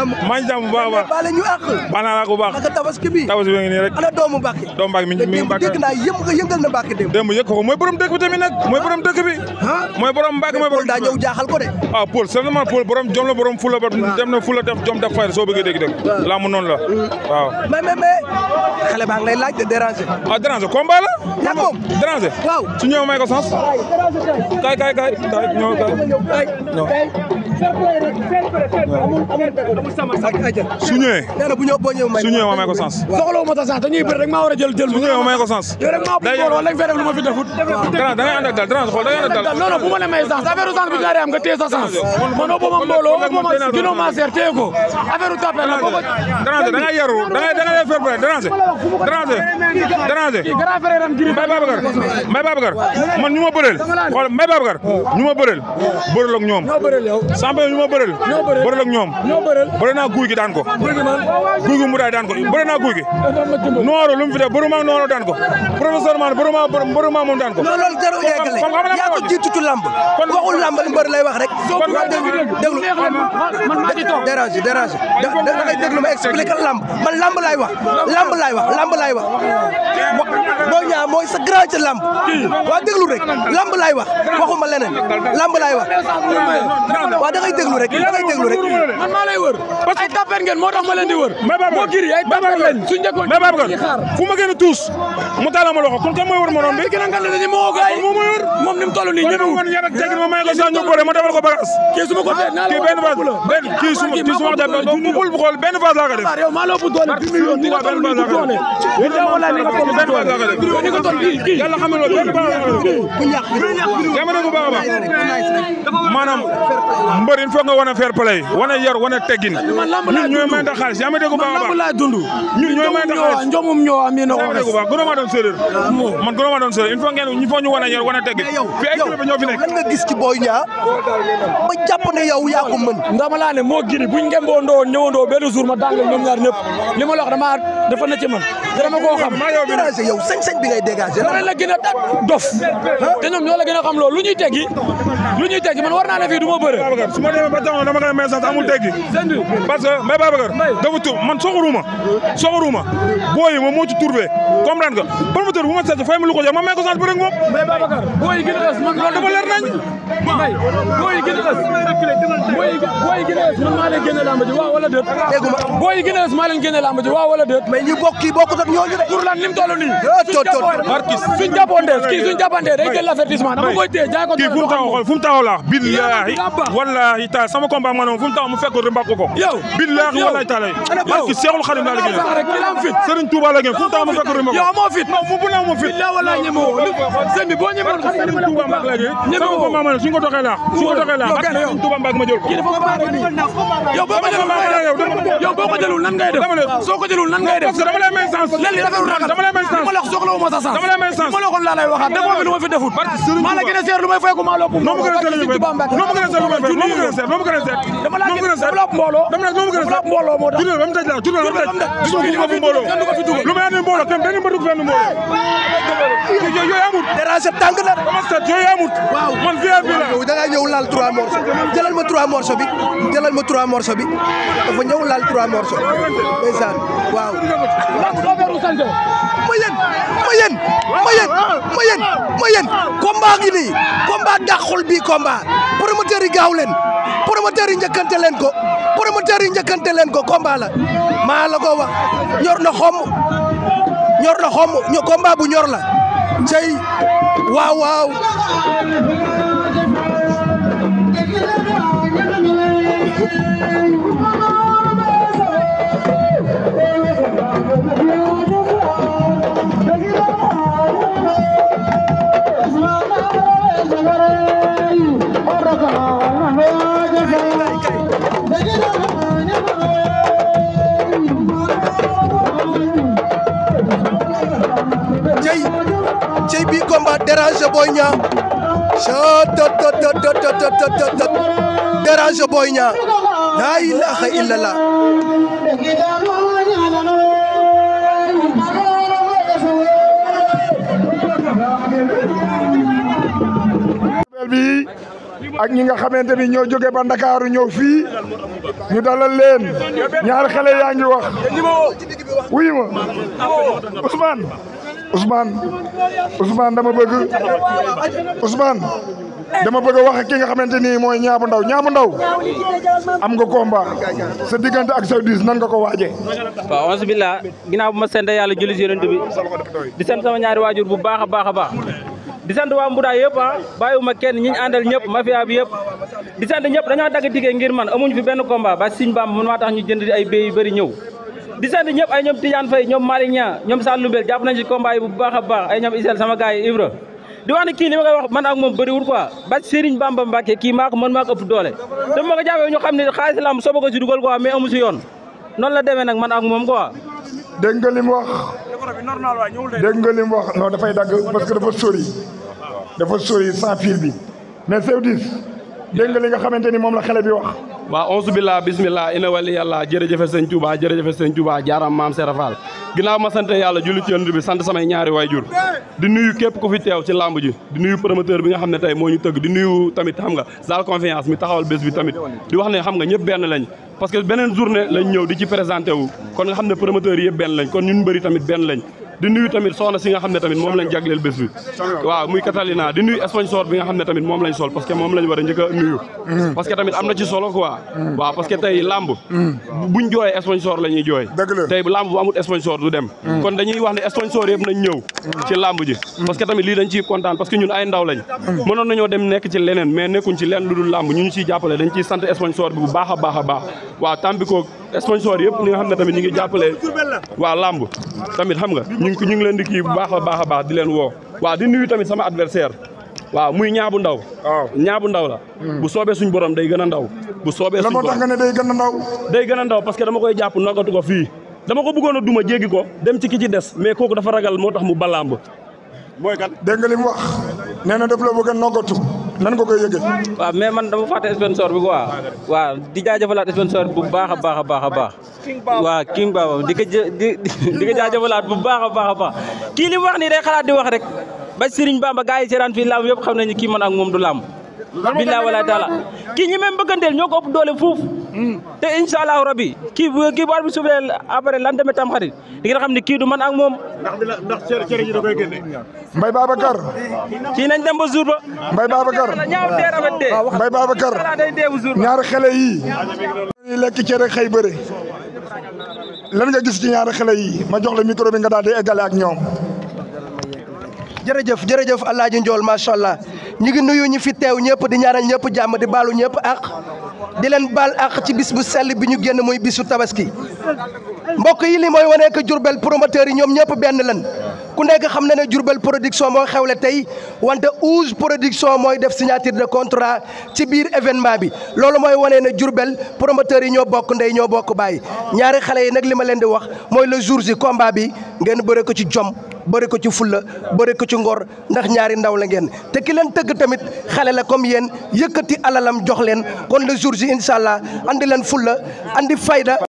jàmm maa ngi jàmm bu baax a baax baale ñu àq baal naa la baax naka tabaski bi bi ngi rek doomu Mbàkke doomu Mbàkke mi ngi Mbàkke dégg naa yëpp nga yëngal na Mbàkke démb démb mooy borom dëkk bi tamit nag mooy borom dëkk bi mooy mooy borom daa ñëw jaaxal ko de waaw ah, Paul seulement Paul borom jom la borom fula ba dem jom def fayda soo bëggee dégg dëgg laa mu noonu la mm. waaw mais mais mais xale baa ngi lay laaj de déranger ah déranger combat la yaa moom déranger waaw su ñëw may ko sens kay kay kay su ñëwee. nee na bu ñëw boo ñëwee may su ñëwee ma may ko sens. soxla wu ma sa sens dañuy bëri rek maa war a jël jël. su ñëwee ma may ko sens. yow rek maa bu góor wala nga fay def lu ma fi defut. grand da ngay ànd ak dal grand xool da ngay ànd ak dal. non non bu ma la may sens affaire sens bi daal di am nga téye sa sens. man boo ma mbooloo boo ma ginaaw maa seer téye ko affaire tapé la boo ma. déranger da ngay yaru da ngay da ngay faire déranger déranger déranger. Mbaye Babacar Mbaye Babacar man ñu ma bëreel xool Mbaye Babacar ñu ma bëreel bëreel ak ñoom Sambe ñu ma bëreel bëreel ak ñoom bëri naa guy gi daan ko. guy gi mu daay daan ko bëri naa guy gi. nooro lu mu fi def bëri maa nooro daan ko. professeur man bëri maa bëri maa moom daan ko. non loolu jarul yeggale yaa ko jiitutu lamb. kon waxul lamb li mbër lay wax rek. kon nga déglu déglu man maa ci toog dérange da ngay déglu ma expliqué lamb man lamb laay wax lamb laay wax lamb laay wax. Boy Niang mooy sa grand ci lamb waa déglu rek lamb laay wax waxuma leneen lamb laay wax waa da ngay déglu rek da ngay rek man maa lay wër parce que tapet ngeen moo tax ma leen di wër moo giri ay tapet lañ suñu njëkkoon mais a mu tàllal ma loxo kon wër morom bi gën a moo gaay moom mooy wër moom nii ñëwul woon yar ma may ko sa ñu ma defal ko bagas kii suma ko tee naa la benn base benn kii suma kii bu bul bu xool benn base laa ko def yow maa la bu doole ñu ko doon kii yàlla xam nga benn bala jamono bu baax a baax maanaam mbër il faut nga wane fair play wane yar wane teggin ñun ñooy mayante xaalis yaa ma dégg bu baax a baax laa dund ñun ñooy mayante xaalis njomum ñoo am yéen a wax bu baax gënoo maa doon séeréer man gënoo maa doon séeréer il faut ngeen il faut ñu wane yar wane teggin fi ay kilifa ñoo fi nekk lan nga gis ci Boy Niang ma jàpp ne yow yaa ko mën dama laa ne moo giri buñ ngemboo ndoo ñëwandoo benn jour ma dàngal ñoom ñaar ñëpp li ma la wax dama dafa na ci man dama koo xam sañ-sañ bi ngay dégager. la gën a dof. te ñoom ñoo la gën a xam loolu lu ñuy teggi lu ñuy teggi man war naa ne fii du ma bëre. su ma demee ba taxaw dama koy message amul teggi. parce que Mbaye Babacar. dafa tur man soxoruma soxoruma booy yi moom moo ci turbe comprendre nga promoteur bu ma seet fay ma lu ko jox ma may ko sant bëri ak moom. mais Babacar booy yi gën a ës man loolu dafa leer nañ. may booy yi gën a ës. booy yi booy yi gën a ës man maa leen génne làmb ji waaw wala déet. déggu ma booy yi gën a ës maa leen génne làmb kii bokkut ak ñooñu eh, kii suñ jàppante day kii fu mu taxaw billaahi wallaahi taala sama combat ma noonu fu mu taxaw mu fekk ko mbàkk ko. billaahi wallaahi taala barki Seexul Xadim laa la génne. Sëriñ Tuuba la génne fu mu taxaw mu yow amoo fit non mu bu na mo fit la wala ñeme woo sëñ bi boo ñemewoon xam ne Touba Mbacke la jógee ñeme woo ma ma suñ ko doxee laax suñ ko doxee laax ak Touba Mbacke ma jël ko yow boo ko jëlul yow boo ko jëlul nan ngay def soo ko jëlul nan ngay def dama lay may sens len li rafetlu ragal dama lay may sens ma la wax soxla wu ma sa sens dama lay may sens ma la waxoon laa lay waxaat defoo fi lu ma fi deful maa la gën a seer lu may fay ko maa la ëpp no mu gën a seer lu may fay no mu gën a seer no mu gën a seer ëpp mbooloo dama nag moom gën a sax mbooloo moo tax juróom tëj la juróom tëj gisuma ko bu mbooloo lu ma yàndee mbooloo kenn benn mbëdug fenn mbooloo yooyu amut déranger tànk la dama set yooyu amut waaw man VIP la yow da nga ñëw laal trois morceaux jëlal ma trois morceaux bi jëlal ma trois morceaux bi dafa ñëw laal trois morceaux ndeysaan waaw ma yéen ma yéen ma yéen ma yéen ma yéen combat ngi nii combat dàqul bii combat promoteur yi gaaw leen promoteur yi njëkkante leen ko promoteur yi njëkkante leen ko combat maa la ko wax ñor na xomm ñor na xomm combat ñor la cey waaw waaw dérange Boy Niang dérange Boy Niang laa ilaaha illallah bi ak ñi nga xamante ni ñoo jóge ba Ndakaaru ñëw fii ñu dalal leen ñaar xale yaa ngi wax wuyu ma Ousmane Ousmane Ousmane dama bëgg Ousmane dama bëgg a wax ki nga xamante ni mooy ñaabu ndaw ñaabu ndaw am nga combat sa diggante ak sa dis nan nga ko waajee. waaw auzu billah ginnaaw bu ma sant yàlla julli si yonent bi di sant sama ñaari waajur bu baax a baax a baax di sant waa Mbudaay yëpp ah bàyyiwuma kenn ñi ñu àndal ñëpp mafia bi yëpp. di sant ñëpp dañoo dagg dige ngir man amuñ fi benn combat ba Sëñ baa man maa tax ñu jënd ay béy yu bëri ñëw. di sant ñëpp ay ñoom Tidiane Faye ñoom Malick ñoom Sall Loubel jàpp nañ ci combat bu baax a ay ñoom Isel sama gars yi di wax kii li ma koy wax man ak moom bëriwul quoi ba Serigne Bamba kii maa mën maa ëpp doole te ma ko jàppee ñu xam ne xaalis lamb soo ko si dugal quoi mais yoon noonu la demee nag man ak moom quoi wax dégg wax non dafay dagg parce dafa sori dafa sori sans fil bi mais Seydou Diis dégg nga ni moom waa onsu billah bismillah ina wali yàlla jërëjëfe sëñ Touba jërëjëfe sëñ Touba jaaram maam Serap Fall ginnaaw ma sant yàlla julli ci yonent bi sant samay ñaari waajur di nuyu képp ku fi teew ci làmb ji di nuyu promoteur bi nga xam ne tey moo ñu tëgg di nuyu tamit xam nga salle confiance mi taxawal bés bi tamit di wax ne xam nga ñëpp benn lañ parce que beneen journée lañ ñëw di ci présenté wu kon nga xam ne promoteurs yëpp benn lañ kon ñun bëri tamit benn lañ di nuyu tamit soxna si nga xam ne tamit moom lañ jagleel bés bi waaw muy Catalina di nuyu sponsor bi nga xam ne tamit moom lañ sol parce que moom lañ war a njëkk nuyu parce que tamit am na ci solo quoi waaw parce que tey lamb buñ jooyee sponsor la ñuy jooy tey lamb bu amul sponsor du dem kon dañuy wax ne sponsor yëpp nañ ñëw ci lamb ji parce que tamit lii dañ ciy kontaan parce que ñun ay ndaw lañ mënoon nañoo dem nekk ci leneen mais nekkuñ ci lu dul lamb ñu ñu ciy jàppale dañ ciy sant sponsor bi bu baax a baax a baax waaw sponsor yëpp ñi a xam ne tamit ñu ngi jàppale waa làmb tamit xam nga ñu ngi ñu ngi leen di kii bu baax a baax a baax di leen woo waaw di nuyu tamit sama adversaire waaw muy ñaabu ndaw waaw ñaabu ndaw la hmm. bu soobee suñ borom day gën a ndaw bu soobee suñ borom lan moo tax nga ne day gën a ndaw day gën a ndaw parce que dama koy jàpp nokkatu ko fii dama ko bëggoon a duma jéggi ko dem ci ki ci des mais kooku dafa ragal moo tax mu balàmb mooy kan dégg nga li mu wax nee na daf la noggatu nan ko koy yëgee. waaw mais man dama fàtte sponsor bi quoi waaw di jaajëfalaat sponsor bu baax a baax a baax a baax waaw King Baba di ko di di ko jaajëfalaat bu baax a baax a baax kii li wax ni day xalaat di wax rek ba Serigne Bamba gars yi seeraan fii làmb yëpp xam nañu kii man ak moom du làmb. billaay walaay taala kii ñi même ñoo ko ëpp doole fuuf. te incha allahu rabi kii kii bu arbitre soufflé après lan demee tam xarit di xam ne kii du man ak moom. ndax dina ndax cër cër yi da koy nañ dem ba jour ba. Mbaye Babacar ñaaw ñaari xale yii. lekk cere xëy bëre. lan gis ci ñaari xale yii ma jox la micro bi nga daal di ak ñoom. jërëjëf jërëjëf El Hadj Ndiol macha allah ñu ngi nuyu ñi fi teew ñëpp di ñaara ñëpp jàmm di baalu ñëpp ak. di leen baal àq ci bis bu sell bi ñu génn muy bisu tabaski mbokk yi li mooy wane que Diourbel promoteur yi ñoom ñëpp benn lan ku nekk xam na ne Diourbel production mooy xewle tey wante Ouze production mooy def signature de contrat ci biir événement bi loolu mooy wane ne Diourbel promoteurs yi ñoo bokk ndey ñoo bokk bàyyi ñaari xale yi nag li ma leen di wax mooy le jour ji combat bi ngeen bëre ko ci jom bëri ko ci fulla bëri ko ci ngor ndax ñaari ndaw la ngeen te ki leen tëgg tamit xale la comme yéen yëkkati alalam jox leen kon le jour ji allah andi leen fulla andi fayda